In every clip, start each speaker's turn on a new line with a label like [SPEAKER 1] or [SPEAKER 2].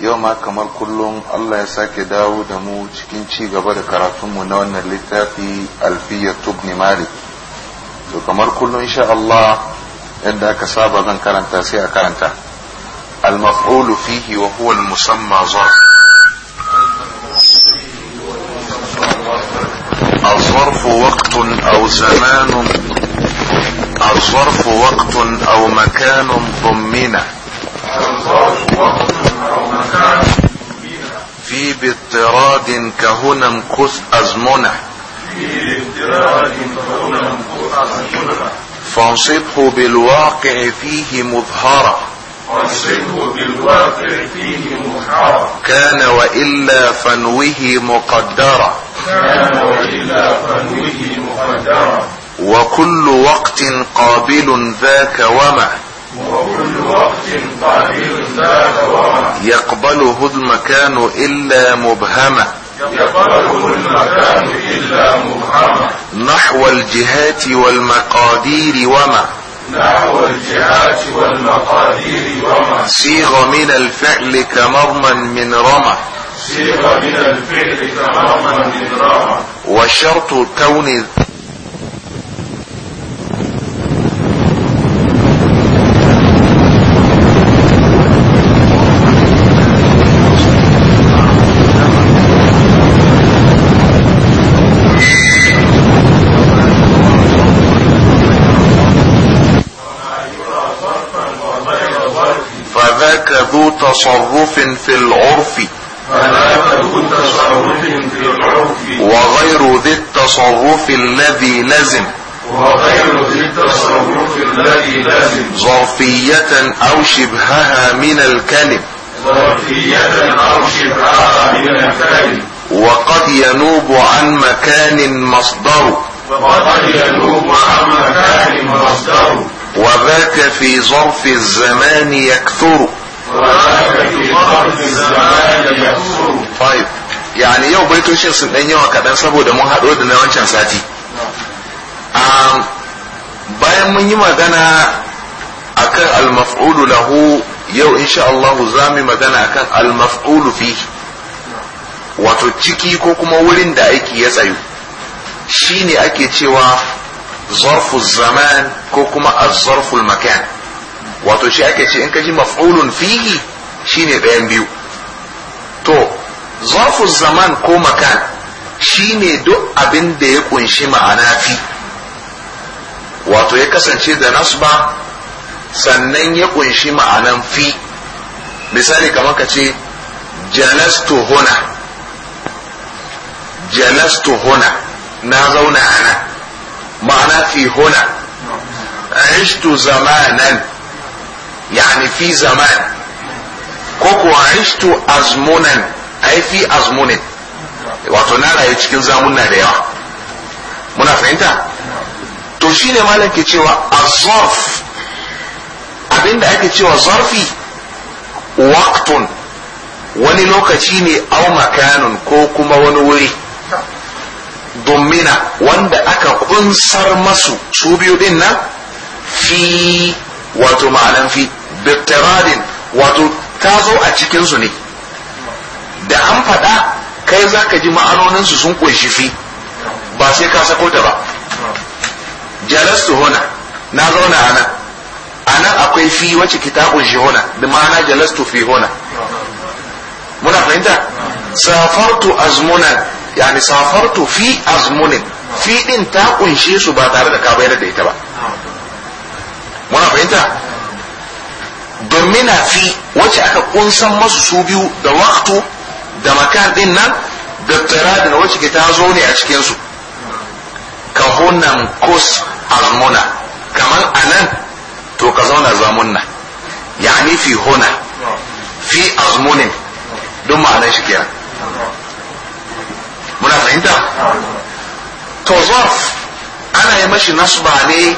[SPEAKER 1] yau ma kamar kullum Allah ya sake dawo da mu cikin ci gaba da karatunmu na wannan littafi alfiya tubni malik to kamar kullum insha Allah yadda aka saba zan karanta sai a karanta al-maf'ulu fihi wa huwa al-musamma zarf الظرف وقت أو زمان الظرف وقت أو مكان ضمنه في باضطراد كهنا امكث ازمنا فانصبه بالواقع فيه مظهرة بالواقع فيه كان وإلا فنوه مقدرة كان وإلا فنوه وكل وقت قابل ذاك وما وكل يقبله المكان إلا مبهمة يقبله المكان إلا مبهمة نحو الجهات والمقادير وما نحو الجهات والمقادير وما صيغ من الفعل كمرما من رمى صيغ من الفعل كمرما من رمى وشرط كون ذو تصرف في العرف وغير ذي التصرف الذي لزم وغير ذي التصرف الذي لازم ظرفية أو شبهها من الكلم ظرفية أو شبهها من الكلم وقد ينوب عن مكان مصدر وقد ينوب عن مكان مصدر وذاك في ظرف الزمان يكثر yani yau baitocin sun ɗan yawa kaɗan saboda mun haɗo da na wancan sati um, bayan mun yi magana akan al-maf'ulu lahu yau insha Allah za mu magana akan al-maf'ulu fi wato ciki ko kuma wurin da aiki ya tsayu shine ake cewa zarfu zaman ko kuma az-zarfu makan wato shi ake ce in ka ji maf'ulun fihi shine ɗayan biyu to zafu zaman ko makan shine duk abin da ya kunshi ma'ana fi wato ya kasance da nasba sannan ya kunshi ma'anan fi misali kamar ka ce jalastu huna jalastu huna na zauna ana ma'ana fi huna عشت zamanan. yani fi zaman ko kuwa aishtu azmunan ai wato na rayu cikin zamunna da yawa muna fahimta to shine malam ke cewa azarf abinda ake cewa zarfi waqtun wani lokaci ne au makanun ko kuma wani wuri domina wanda aka kunsar masu su biyu din fi wato ma'anan fi bittiradin wato ta zo a cikinsu ne da an faɗa kai za ka ji ma'anoninsu sun kunshi fi ba sai ka sako ta ba jalastu hona na zauna a nan a nan akwai fi wacce ki ta kunshi hona da ma'ana jalastu fi hona muna fahimta safartu azmunan yani safartu fi azmunin fi din ta kunshe su ba tare da ka bayar da ita ba muna fahimta domin fi wacce aka kunsan masu su biyu da waktu da makan din nan da tiradin wacce ke ta zo ne a cikinsu ka hunan kus almuna kamar anan to ka zauna zamunna yani fi huna fi azmunin don ma'anar shi kenan muna fahimta to zaf ana yi mashi nasba ne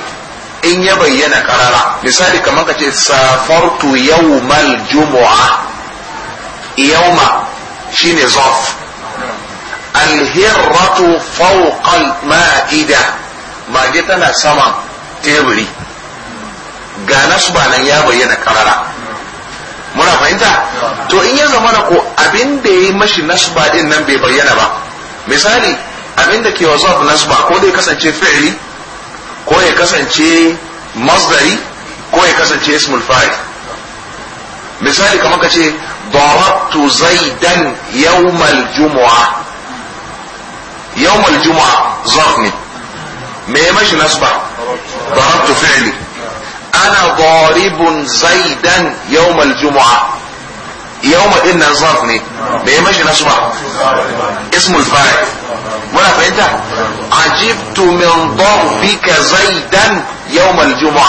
[SPEAKER 1] in ya bayyana karara misali kamar ka ce safartu yawmal jumu'a yawma shine zaf alhirratu fawqal ma'ida mage tana sama teburi ga ba nan ya bayyana karara muna fahimta to in ya zama ko abin da ya yi mashi nasba din nan bai bayyana ba misali abin da ke wa zaf nasba ko dai kasance fi'li ko ya kasance masdari ko ya kasance ismul fa'il misali kamar ka ce darabtu zaidan yawmal jumu'a yawmal jumu'a zarf ne me ya mashi nasba darabtu fi'li ana daribun zaidan yawmal jumu'a yawma din nan zarf ne da ya mashi nasu ba ismul fa'il muna fahimta ajibtu min dawfika zaidan yawma aljum'a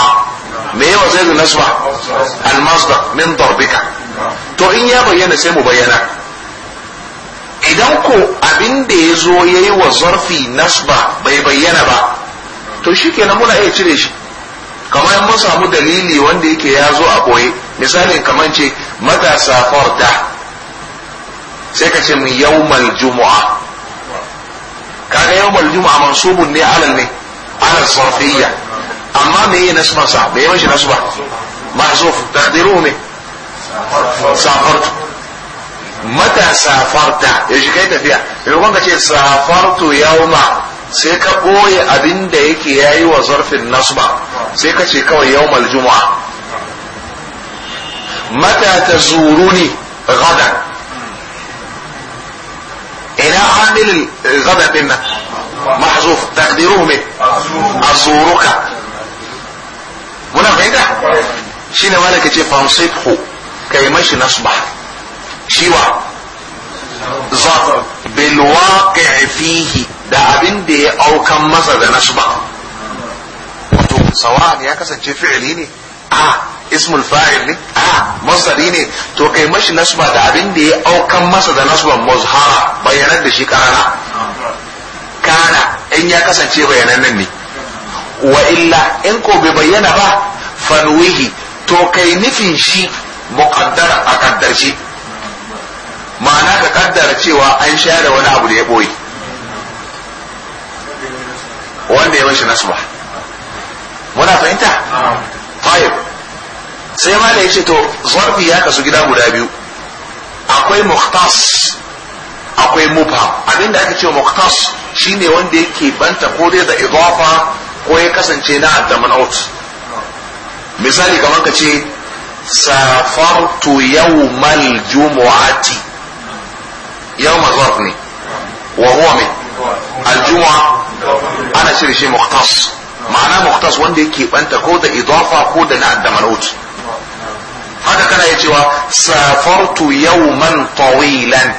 [SPEAKER 1] me yawa zaidun nasu ba almasdar min dawfika to in ya bayyana sai mu bayyana idan ko abin da ya zo ya yi wa zarfi nasba bai bayyana ba to shi kenan muna iya cire shi kamar mun samu dalili wanda yake ya zo a ɓoye misali kamar ce mata safarta sai ka ce mu yawmal juma'a ga yawmal juma'a mansubun ne alal ne alal sarfiyya amma me yi nasba sa me yi mashi nasba mahzuf taqdiruhu ne safartu mata safarta ya shi kai tafiya maimakon ka ce safartu yawma sai ka ɓoye abin da yake yayi wa zarfin nasba sai ka ce kawai yawmal juma'a mata ta zuruni gadan ina hamil gadan din nan mahzuf taqdiruhu min azuruka muna fahimta shine malaka ce fansibhu kai mashi nasba shiwa zafar da abin da ya aukan masa da ba wato sawa ya kasance fi'ili ne a ismul fa'il ne a masari ne to kai mashi nasba da abin da ya aukan masa da nasban muzhara bayanar da shi karana kana in ya kasance bayanan ne wa illa in ko bai bayyana ba fanwihi to kai nufin shi muqaddara a kaddarci ma'ana ka kaddara cewa an share wani abu da ya boye wanda ya mashi nasba muna fahimta tayyib sai ma da yace to zarfi ya kasu gida guda biyu akwai muhtas akwai mubham abinda ake cewa muhtas shine wanda yake banta ko dai da idafa ko ya kasance na addaman out misali kamar ka ce safartu yawmal jumu'ati yawma zarf ne wa huwa min ana cire shi muhtas ma'ana muhtas wanda yake banta ko da idafa ko da na addaman out haka kana iya cewa safartu yawman tawilan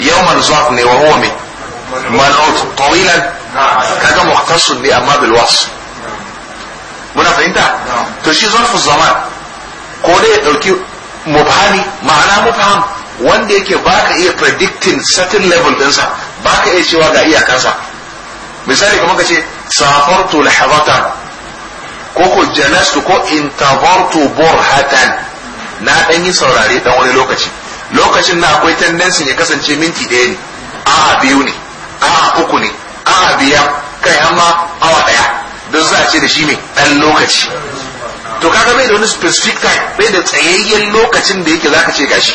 [SPEAKER 1] yawman zaf ne wa huwa me mal'ut tawilan kaga muhtasun ne amma bil wasf muna fahimta to shi zarfu zaman ko dai ya dauki mubhami ma'ana mubham wanda yake baka iya predicting certain level dinsa baka iya cewa ga iyakansa misali kamar ka ce safartu lahadatan ko ko jalastu ko intabartu burhatan na dan yi saurare dan wani lokaci lokacin na akwai tendensin ya kasance minti ɗaya ne a biyu ne a uku ne a'a biyar kai amma awa ɗaya don za a ce da shi ne ɗan lokaci to kaga bai da wani specific time bai da tsayayyen lokacin da yake zaka ce gashi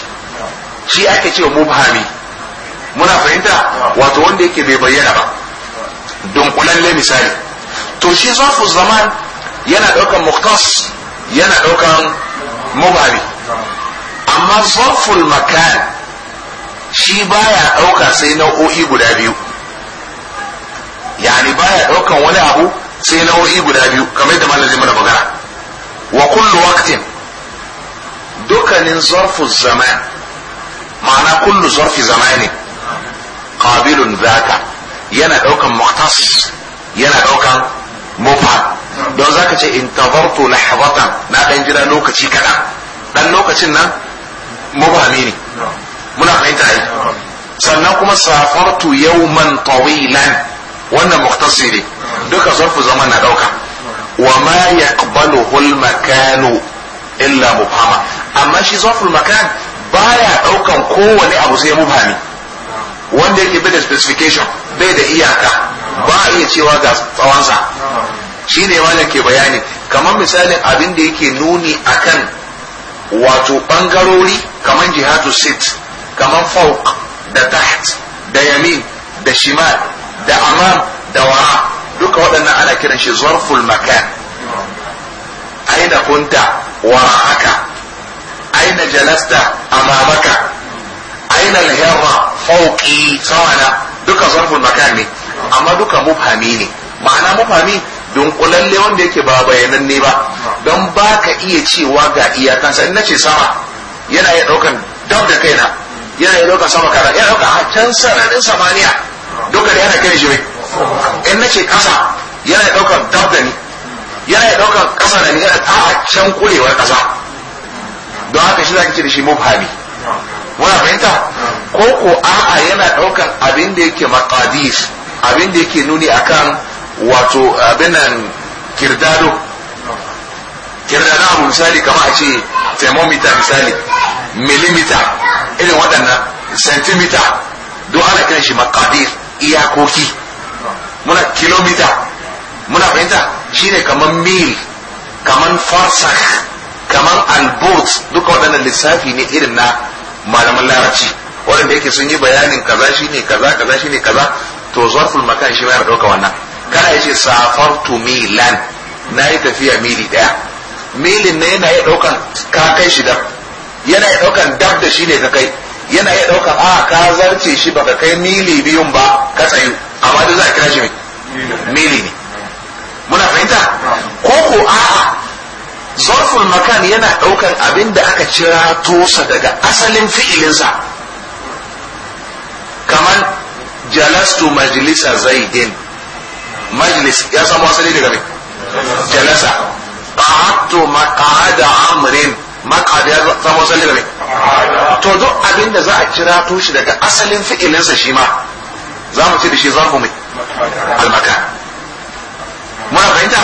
[SPEAKER 1] shi ake cewa mu mubhami muna fahimta wato wanda yake bai bayyana ba dunkulalle misali to shi zafu zaman yana daukan muktas yana daukan mubari amma zarful makan shi baya dauka sai nau'o'i guda biyu yani baya daukan wani abu sai nau'o'i guda biyu kamar yadda malam mana magana wa kullu waqtin dukkanin zarfu zaman ma'ana kullu zarfi zamanin qabilun zaka yana daukan muktas yana daukan mufrad don zaka ce in tabartu lahzatan na dan jira lokaci kaɗan dan lokacin nan mubhami ne muna fahimta ai sannan kuma safartu yawman tawilan wannan mukhtasir ne duka zarfu zaman na ɗauka wa ma yaqbaluhu al-makanu illa mubhama amma shi zarful makan baya ɗaukan kowane abu sai mubhami wanda yake bai da specification bai da iyaka ba a iya cewa ga tsawonsa Shi ne wanda ke bayani kamar misalin abin da yake nuni akan wato bangarori kamar jihadu sit kamar fauk da taht da yamin da shimal da amam da wara duka waɗannan ana kiran shi zarful makan aina kunta wara haka. aina jalasta amamaka aina alhirra fauki sawana duka zarful makan ne amma duka mufami ne ma'ana mufami. dunkulalle wanda yake ba bayanan ne ba don ba ka iya cewa ga iyakansa in ce sama yana iya daukan dab da kaina yana iya daukan sama kada yana daukan a can sararin samaniya duka da yana kai shi in ce kasa yana iya daukan dab da ni yana iya daukan kasa da ni yana a can kurewar kasa don haka shi zaki ce da shi mubhami muna fahimta ko ko a'a yana daukan abin da yake maqadis abin da yake nuni akan wato abin nan kirdado kirdado abu misali kama a ce thermometer misali millimeter irin waɗannan centimeter don ana kan shi makadir iyakoki muna kilomita muna fahimta shine kaman mil kamar farsakh kamar albot duka waɗannan lissafi ne irin na malaman larabci waɗanda yake sun yi bayanin kaza shine kaza kaza shine kaza to zarful makan shi ma ya ɗauka wannan kana yace safartu milan na yi tafiya mili daya milin ne yana yi daukan ka kai shi dab yana yi daukan dab da shi ne ka kai yana yi daukan a ka zarce shi baka kai mili biyun ba ka tsayu amma da za a kira shi mai mili ne muna fahimta ko ko a'a zarful makan yana daukan abin da aka cira tosa daga asalin fi'ilinsa kamar jalastu majalisa zaidin majlis ya samu asali daga mai jalasa qa'adtu maq'ada amrin maq'ada ya samu asali daga mai to duk abin da za a kira to shi daga asalin fi'ilinsa shi ma za mu ce da shi zarfu mai almaka muna fahimta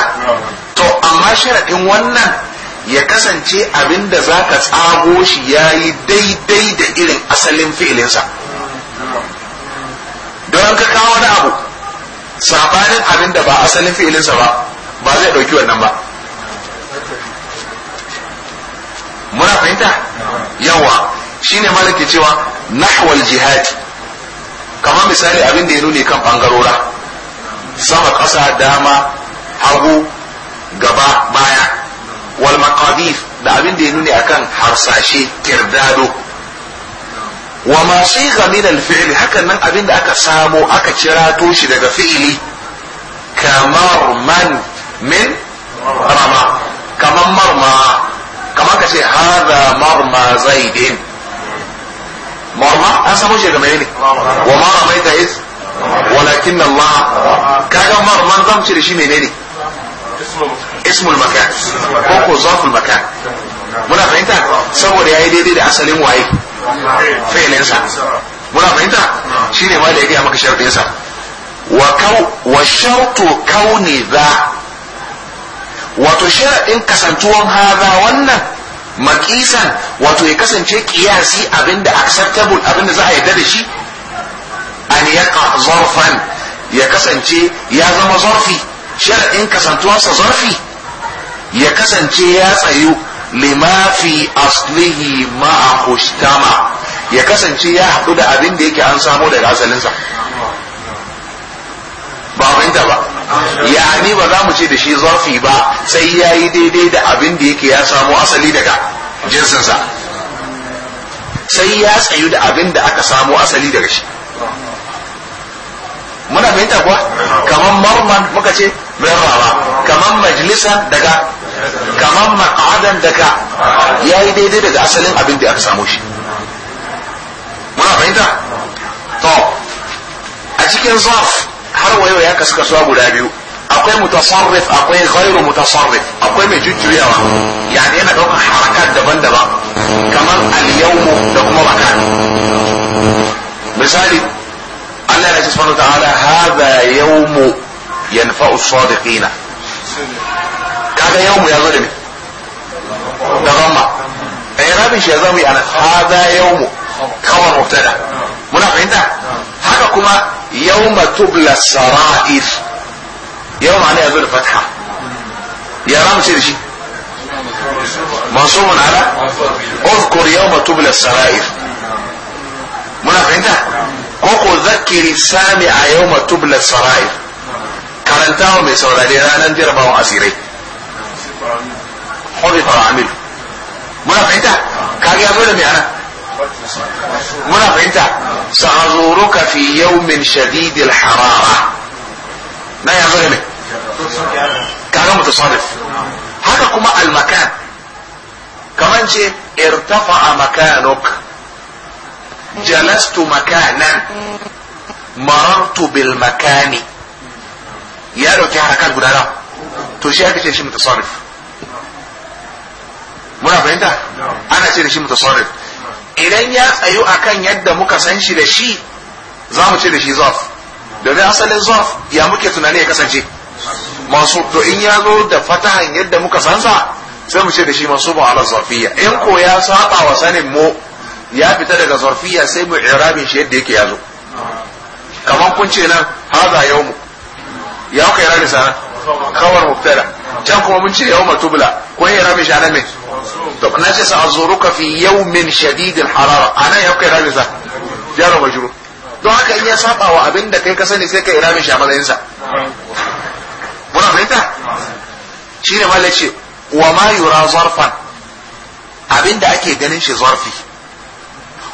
[SPEAKER 1] to amma sharaɗin wannan ya kasance abin da za ka tsago shi ya yi daidai da irin asalin fi'ilinsa don ka kawo wani abu sabanin abin da ba asalin sa ba ba zai ɗauki wannan ba muna fahimta yawa shine malaki cewa nahwal jihad kamar misali abin da ya nuni kan bangarora sama ƙasa dama hagu gaba baya wal maqadif da abin da ya nuni akan harsashe kirdado wa ma siga min alfi'l hakan nan abinda aka samo aka kirato shi daga fili kamar man min rama kamar marma kamar ka ce hadha marma zaidin marma an samo shi daga menene? ne wa ma ramaita is walakin Allah kaga marman zan ce da shi menene ismul makan ko ko zaful makan muna fahimta saboda yayi daidai da asalin waye fi'ilinsa muna fahimta shine ma da ya gaya maka sharadinsa wa kau wa shartu kauni za wato sharadin kasantuwan haza wannan makisan wato ya kasance kiyasi abinda acceptable abinda za a yarda da shi an yaqa zarfan ya kasance ya zama zarfi sharadin kasantuwarsa zarfi ya kasance ya tsayu lima fi aslihi ma'a hushtama ya kasance ya haɗu da abin da yake an samo daga asalinsa ba fahimta ba yani ba za mu ce da shi zafi ba sai ya yi daidai da abin da yake ya samo asali daga jinsinsa sai ya tsayu da abin da aka samo asali daga shi muna fahimta kuwa kamar marman muka ce mai rama kamar majalisa daga kamar ma'adan da ka ya yi daidai daga asalin abin da aka samu shi muna fahimta to a cikin zaf har wayo ya kasu kasuwa guda biyu akwai mutasarrif akwai ghairu mutasarrif akwai mai jujjuyawa yani yana ɗaukar harakat daban-daban kamar al-yawmu da kuma makan misali Allah ya ce subhanahu wa ta'ala hadha yawmu yanfa'u as-sadiqina kaga yawmu ya zo da me da ramma eh rabin shi ya zama yana hada yawmu kawar mubtada muna fahimta haka kuma yawma tubla sara'ir yawma ne ya zo da fatha ya ramu ce da shi منصوب على اذكر يوم تبلى السرائر muna fahimta ko ko zakiri sami a yau matubla sarair karantawa mai saurare ranar jarabawan asirai حرف عامل منا فهمت كاري ابو لم آنا منا فهمت سأزورك في يوم شديد الحرارة ما يعظمه كان متصادف هذا كما المكان كمان شيء ارتفع مكانك جلست مكانا مررت بالمكان يا لو تي حركات غدارا تو شيء متصرف متصادف muna fahimta ana ce da shi mutasarrif idan ya tsayu akan yadda muka san shi da shi za mu ce da shi zaf domin asalin zaf ya muke tunani ya kasance masu to in ya zo da fatahan yadda muka san sa sai mu ce da shi masu ba ala zafiya in ko ya saba wa sanin mu ya fita daga zafiya sai mu irabin shi yadda yake yazo kamar kun ce nan haza mu ya kai rani sana kawar mubtada can kuma mun ce yawma tubla ko ya rabi shi anan ne to na ce sa azuruka fi yawmin shadidil harara anan ya kai rabi sa jaro majru don haka in ya saba wa abin da kai ka sani sai ka irabi shi a matsayin sa muna fahimta shine malai ce wa ma yura zarfan abin da ake ganin shi zarfi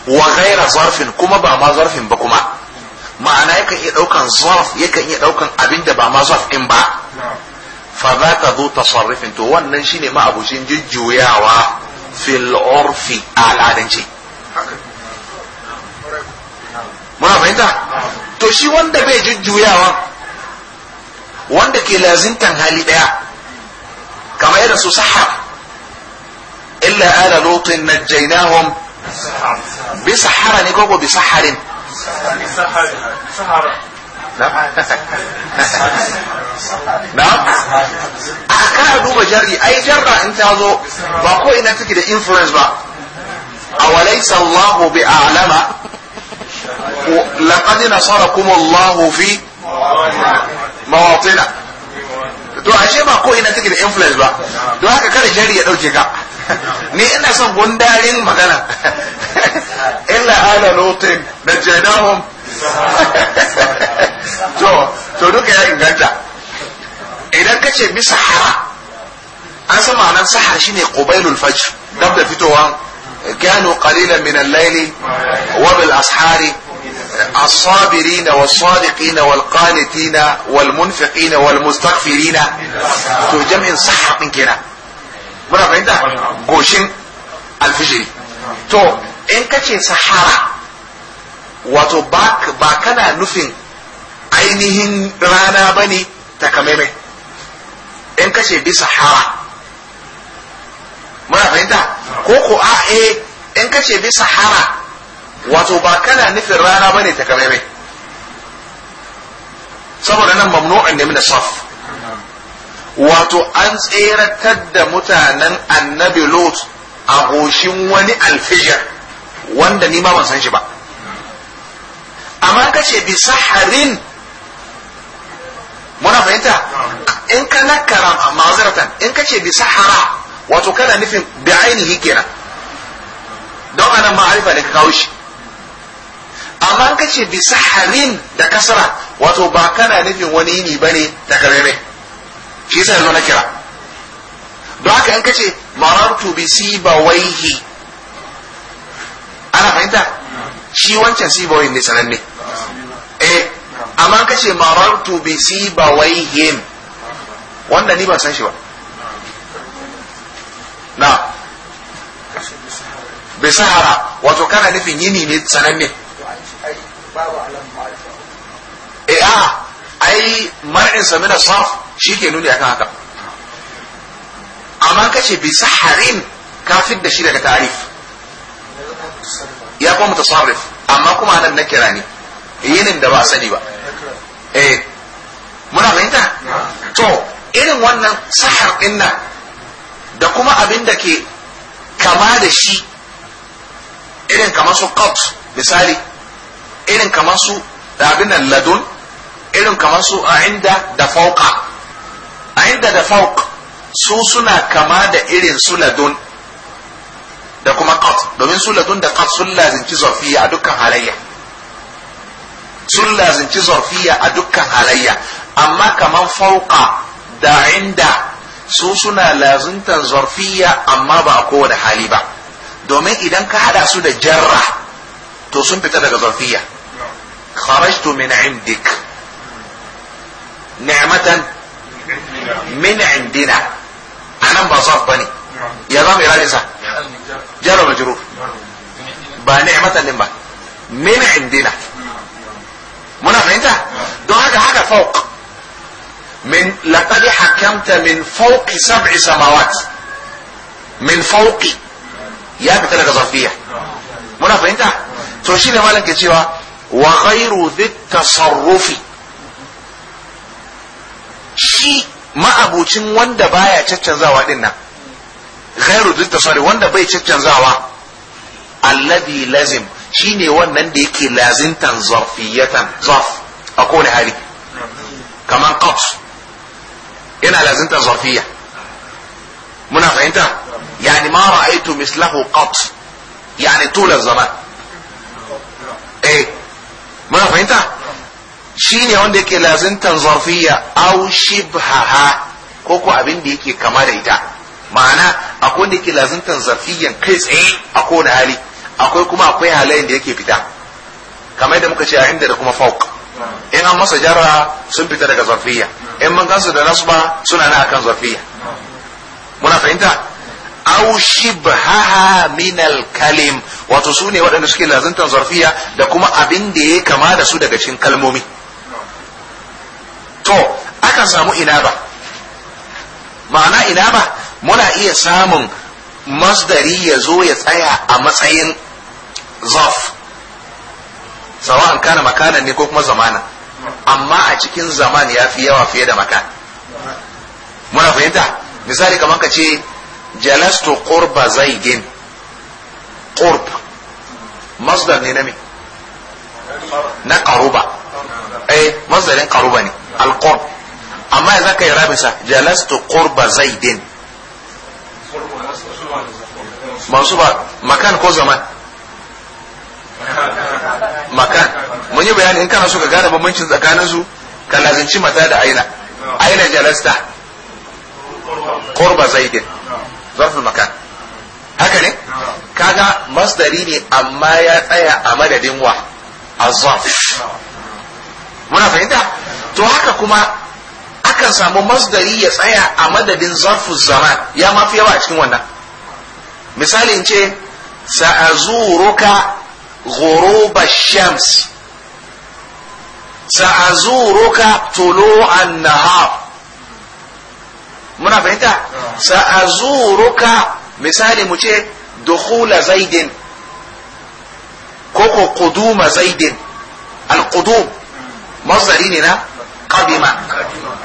[SPEAKER 1] wa ghaira zarfin kuma ba ma zarfin ba kuma ma'ana yakan iya daukan zarf yakan iya daukan abin da ba ma zarf din ba فمات ذو تصرف انت انتو وننشيني ما ابو شنجي جوياوا في العرف على دنشي ما فهمت تو شي وندا بي جوياوا وندا كي لازم كان حالي ديا كما يرسو صحة إلا آل لوط نجيناهم بسحر نكوبو بسحر بسحر بسحر na'am na'am a kana duba jarri ai jarra in ta zo ba ko ina take da influence ba awalaysa Allahu bi a'lama laqad nasarakum Allahu fi mawatina to ashe ba ko ina take da influence ba don haka kada jari ya ɗauke ka ni ina son gundarin magana illa ala lutin najjanahum to to duka ya inganta idan ka ce bi sahara an san ma'anar sahara shine qubailul fajr dab da fitowa كانوا قليلا من الليل وبالأسحار الصابرين والصادقين والقانتين والمنفقين والمستغفرين to jam'in sahar din kenan muna fahimta goshin alfijiri to in kace sahara wato ba kana nufin ainihin rana ba ne takamaimai in kashe bisa hara muna fahimta ko ko a e in kashe bisa hara wato ba kana nufin rana ba ne takamaimai saboda nan an ne mina saf wato an tseratar da mutanen annabi lot a goshin wani alfijar wanda ni ma ban san shi ba amma kace bi saharin muna fahimta in ka nakara ma'azaratan in ka ce bi sahara wato kana nufin bi ainihi kenan don anan ma'arifa ne ka kawo shi amma in ka ce bi saharin da kasara wato ba kana nufin wani yini ne da karere shi sai yanzu na kira don haka in ka ce marartu bi waihi. ana fahimta shi wancan sibawaihi ne sananne eh amma ka ce marartu bi sibawaihim wanda ni ba san shi ba na bi sahara wato kana nufin yini ne sananne e a ai mar'in sa mina saf shi ke nuni akan haka amma ka ce bi saharin kafin da shi daga tarif ya kuma mutasarrif amma kuma nan na kira ne yinin da ba sani ba eh muna fahimta to irin wannan sahar inna da kuma abin da ke kama da shi irin kamar su kaut. misali irin kamar su abin nan ladun irin kamar su a inda da fauka a inda da fauk su suna kama da irin su ladun da kuma kaut domin su ladun da kaut sun lazinci zafiya a dukkan halayya sun lazimci zarfiya a dukkan halayya amma kaman fauka da inda su suna lazuntan zarfiya amma ba a kowane hali ba domin idan ka hada su da jarra to sun fita daga zarfiya kharajtu min indik ni'matan min indina anan ba zarf bane ya zama iradinsa jarra majrur ba ni'matan din ba min indina فوق من لقد حكمت من فوق سبع سماوات من فوق ya fita daga zarfiya muna fahimta to shi ne malam cewa wa ghairu tasarrufi shi ma'abucin wanda baya caccanzawa din nan ghairu tasarrufi wanda bai caccanzawa alladhi lazim shine wannan da yake lazimtan zarfiyatan zarf a kowane hali kaman qat yana lazimtar zarfiya muna fahimta yani ma ra'aytu mislahu qat yani tula zaman eh muna fahimta shine wanda yake lazimtar zarfiya aw shibhaha ko ko abin da yake kama da ita ma'ana akwai wanda yake lazimtar zarfiyan kai tsaye a kowane hali akwai kuma akwai halayen da yake fita kamar yadda muka ce a inda da kuma fauk in an masa jara sun fita daga zarfiya in man kansu da nasba suna na akan zarfiya muna fahimta Au shibha min al-kalim wato sune ne waɗanda suke lazantan zarfiya da kuma abin da ya kama da su daga cikin kalmomi to akan samu inaba ma'ana inaba muna iya samun masdari ya zo ya tsaya a matsayin zaf Sawa an kana makanan ne ko kuma zamana amma a cikin zaman ya fi yawa fiye da makan muna fahimta misali kamar ka ce jalastu qurba zaidin qurb masdar ne na me na qaruba eh masdarin qaruba ne alqurb qurb amma yanzu kai rabisa jalastu qurba zaidin mansuba makan ko zaman makan mun yi bayani in kana so ka gane bambancin tsakanin su ka lazanci mata da aina aina jalasta Korba zaidin zarfin makan haka ne kaga masdari ne amma ya tsaya a madadin wa azaf muna fahimta to haka kuma akan samu masdari ya tsaya a madadin zarfu zaman ya mafi yawa a cikin wannan Misalin in ce sa'azuruka غروب الشمس سأزورك طلوع النهار muna fahimta sa'azuruka misali mu ce dukhula zaidin ko ko quduma zaidin na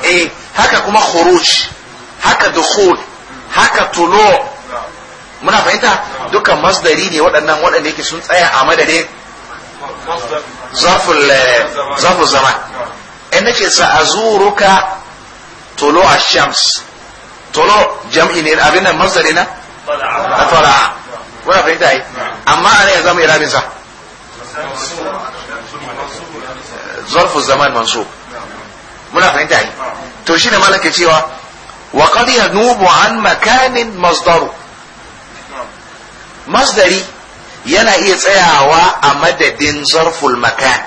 [SPEAKER 1] eh haka kuma khuruj haka dukhul haka tulu muna fahimta dukkan masdari ne waɗannan waɗanda yake sun tsaya a madadin zafin eh, zama. in na eh, ce nace sa'azuruka tolo a shams tolo jam'i ne abin nan masdari na a fara muna fahimta yi amma ana ya zama irabin sa zarfu zaman manso muna fahimta yi to shi ne malaka cewa wa qad yanubu an makanin masdaru masdari yana iya tsayawa a madadin zarful makan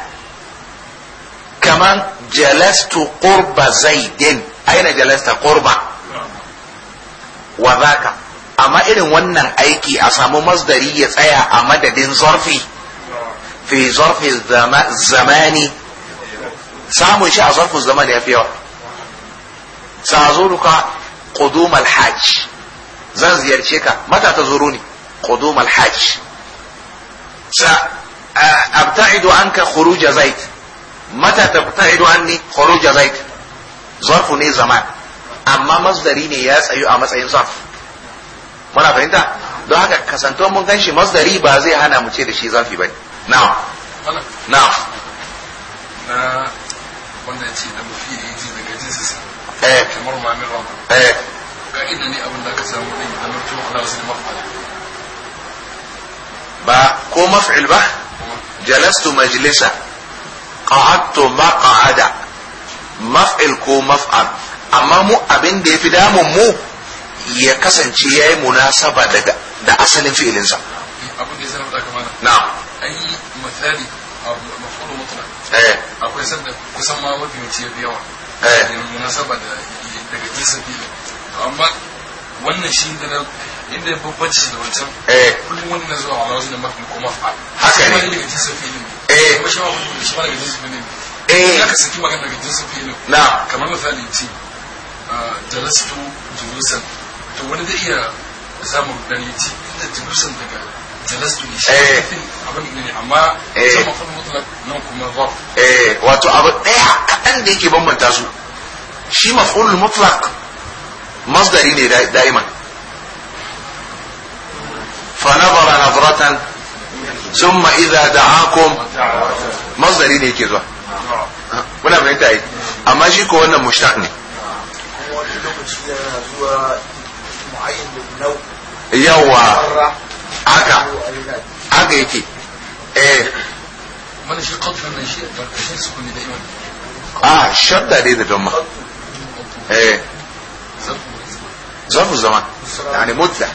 [SPEAKER 1] kaman jalastu qurba zaidin aina jalasta qurba wa zaka amma irin wannan aiki a samu masdari ya tsaya a madadin zarfi fi zarfi zamani samun shi a zarfin zamani ya fi yawa sa zo duka qudum zan ziyarce ka mata ta zuru ne قدوم الحاج سأبتعد عنك خروج زيد متى تبتعد عني خروج زيد ظرف ne zaman amma masdari ne ya tsayu a matsayin zarf muna fahimta don haka kasantuwan mun ganshi masdari ba zai hana mu ce da shi zarfi ba na na wanda ya ce da mafi da yaji daga jinsinsa sa. kamar mamin rabu eh ne abin da ka samu ne da mutum ala wasu ba ko maf'il ba jalastu majlisa qa'adtu maq'ada maf'il ko maf'al amma mu abin da yafi damun mu ya kasance yayi munasaba daga da asalin fi'ilinsa abin da ya zama kamar na'am ai misali maf'ul mutlaq eh akwai sanda kusan ma mafi yawanci ya yawa eh munasaba daga jinsin fi'il to amma wannan shi da inda ya bambanci da wancan eh. kullum wani na zuwa wani wasu da mafi koma fa haka ne daga jinsin filin ne eh. kuma shi ma wani shi ma daga jinsin filin ne eh. aka saki magana daga jinsin filin na kamar misali ce ah, jalastu jerusalem to wani zai iya samun rudani ce inda jerusalem daga jalastu ne shi abin ne amma sama kuma mutlak nan kuma zaf wato abu daya kaɗan da yake bambanta su shi maf'ul mutlak masdari ne da'iman فنظر نظرة ثم إذا دعاكم مصدر إليه كذا ولا من التأيي أما جيكو أنا مشتعني يوى عكا عكا يكي ايه من شي قطف من شي عشان سكوني دائما اه الشر ده ليه دوما ايه ظرف الزمان يعني مدلع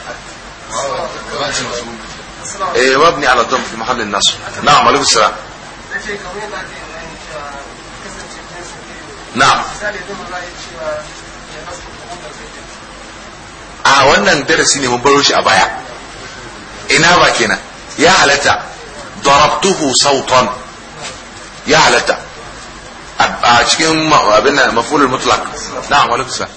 [SPEAKER 1] ايه وابني على الضم في محل النصر نعم عليكم السلام نعم a wannan darasi ne mun baro shi a baya ina ba kenan ya halatta darabtuhu sautan ya halatta a cikin abin nan mafulul mutlaq na'am alaikum salam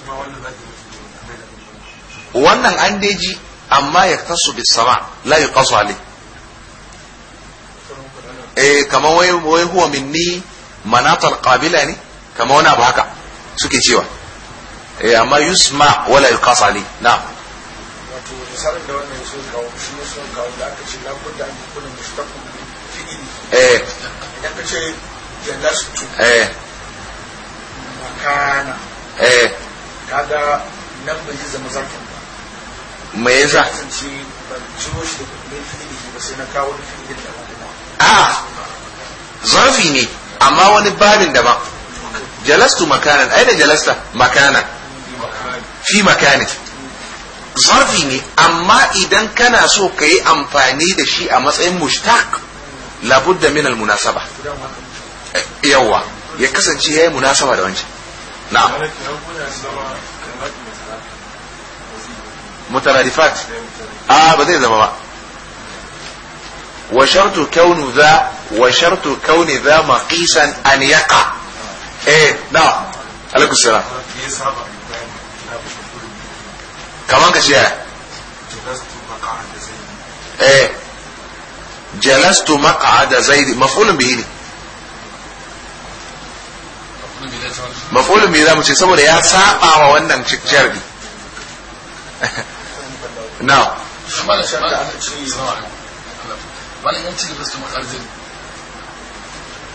[SPEAKER 1] wannan an deji amma ya tasu bi sama la yi kasu ale eh wai wai huwa minni manatar qabila ne kama wani abu haka suke cewa eh amma yusma wala yuqas ali na'am wato kawo shi ne aka ce eh eh makana eh kada nan bai zama zarfin me yasa a zarfi ne amma wani babin daban jalastu makanan ai da jalasta makanan fi makani zafi ne amma idan kana so ka yi amfani da shi a matsayin mushtaq labudda min munasaba yawa ya kasance ya yi munasaba da wancan na'am mutaradifat a ba zai zama ba wa shartu kaunu za wa shartu kauni za maqisan an yaqa eh na alaikum salam kaman ka ce eh jalastu maq'ada zaid maf'ulun bihi ne maf'ulun bihi za mu ce saboda ya saba wa wannan jarbi Now.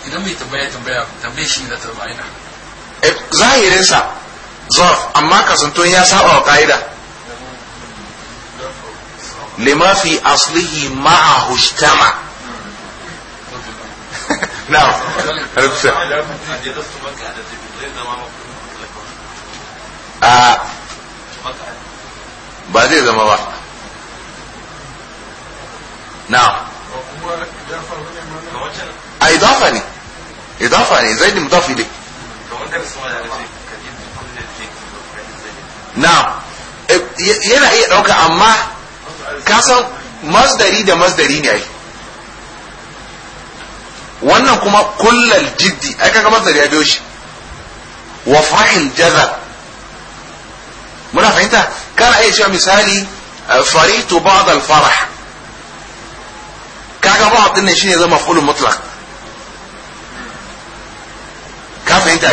[SPEAKER 1] yan idan mai tambaya tambaya tambaye shi eh, zahirinsa zaf amma kasanto ya saba wa ka'ida lima fi aslihi ma'a hushtama na'am ah, ba zai zama ba نعم اضافني اضافني زيد مضاف اليه نعم yana iya ɗauka amma kasan masdari da masdari ne ai wannan kuma kullal jiddi ai kaga masdari ya biyo shi wa fa'il jazar muna fahimta kana iya cewa misali faritu ba'd al farah kaga muhab din ne shine zama maf'ulun ka fahimta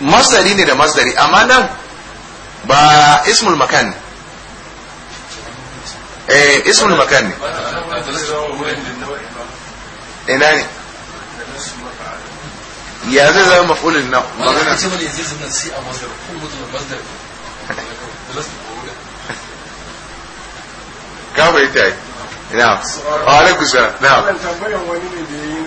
[SPEAKER 1] masdari ne da masdari amma nan ba ismul makan eh ismul makan ne ina ne ya zai zama maf'ulun na magana ce ka fahimta na'am wa alaikum salam na'am tambayan wani ne da yayi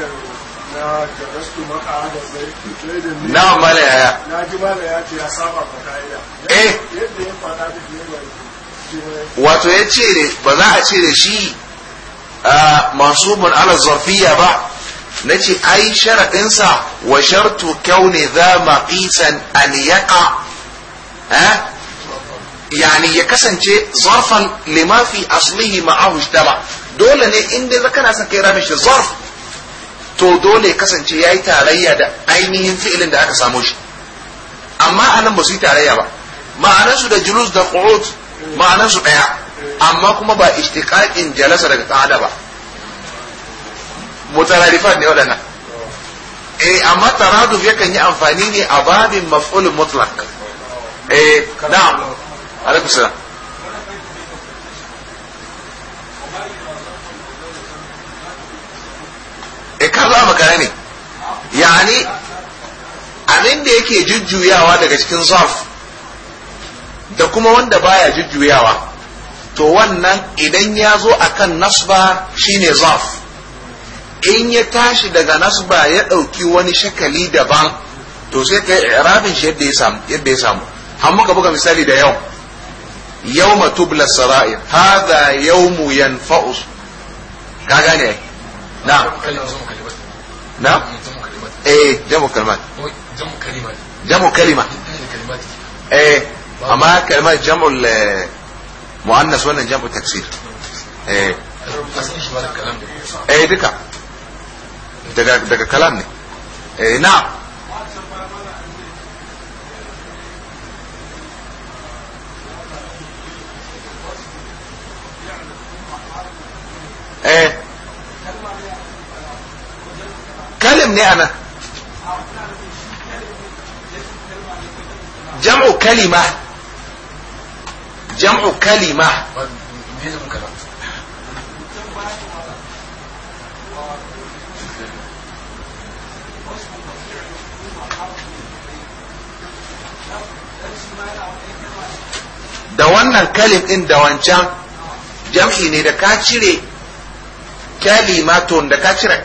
[SPEAKER 1] na karastu maka hada sai na'am mala yaya na ji mala ya ce ya saba ka kaida eh yadda ya fada da ne wato ya ce ba za a ce da shi mansubun ala zarfiya ba na ce ai sharaɗinsa wa shartu kyau ne za maqisan an yaqa eh yani ya kasance zarfan lima fi aslihi ma'ahu ijtama dole ne in dai kana son kai rabin shi zarf to dole ya kasance yayi tarayya da ainihin fi'ilin da aka samo shi amma anan ba su yi tarayya ba ma'anarsu da julus da qu'ud ma'anarsu daya amma kuma ba ishtiqaqin jalasa daga qa'ada ba mutararifat ne wadannan eh amma taraduf yakan yi amfani ne a babin maf'ul mutlaq eh na'am alaikum salam e ka ne yani abin da yake jujjuyawa daga cikin zarf da kuma wanda baya jujjuyawa to wannan idan ya zo akan nasba shine zarf in ya tashi daga nasba ya ɗauki wani shakali daban to sai ka yi irabin shi yadda ya samu amma ka buga misali da yau يوم تبلى السرائر هذا يوم ينفع كاغاني نعم نعم ايه جمع كلمات جمع كلمات جمع كلمة ايه اما كلمات جمع المؤنث ولا جمع التكسير ايه ايه دكا دكا كلامني كلام ايه نعم eh kalim ne ana jam'u kalima jam'u kalima da wannan kalim ɗin da wancan jam'i ne da ka cire kalimatun da ka cire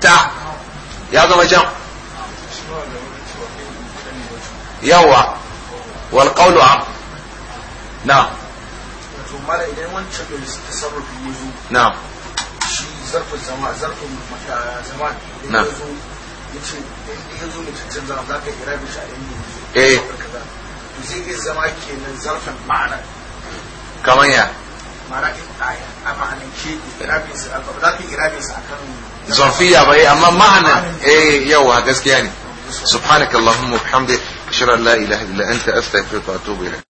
[SPEAKER 1] ta ya zama jam yawa wal qawlu na idan wancan da tasarrufi yazo na shi zarfin zama zarfin uh, zama na yace in zama inda eh zama kenan zarfin ma'ana kamar ya mara ibtaya a bai eh, amma ma'anan eh yawa gaskiya ne subhanakallahumma wa bihamdika ashhadu an la ilaha illa anta astaghfiruka wa atubu ilayk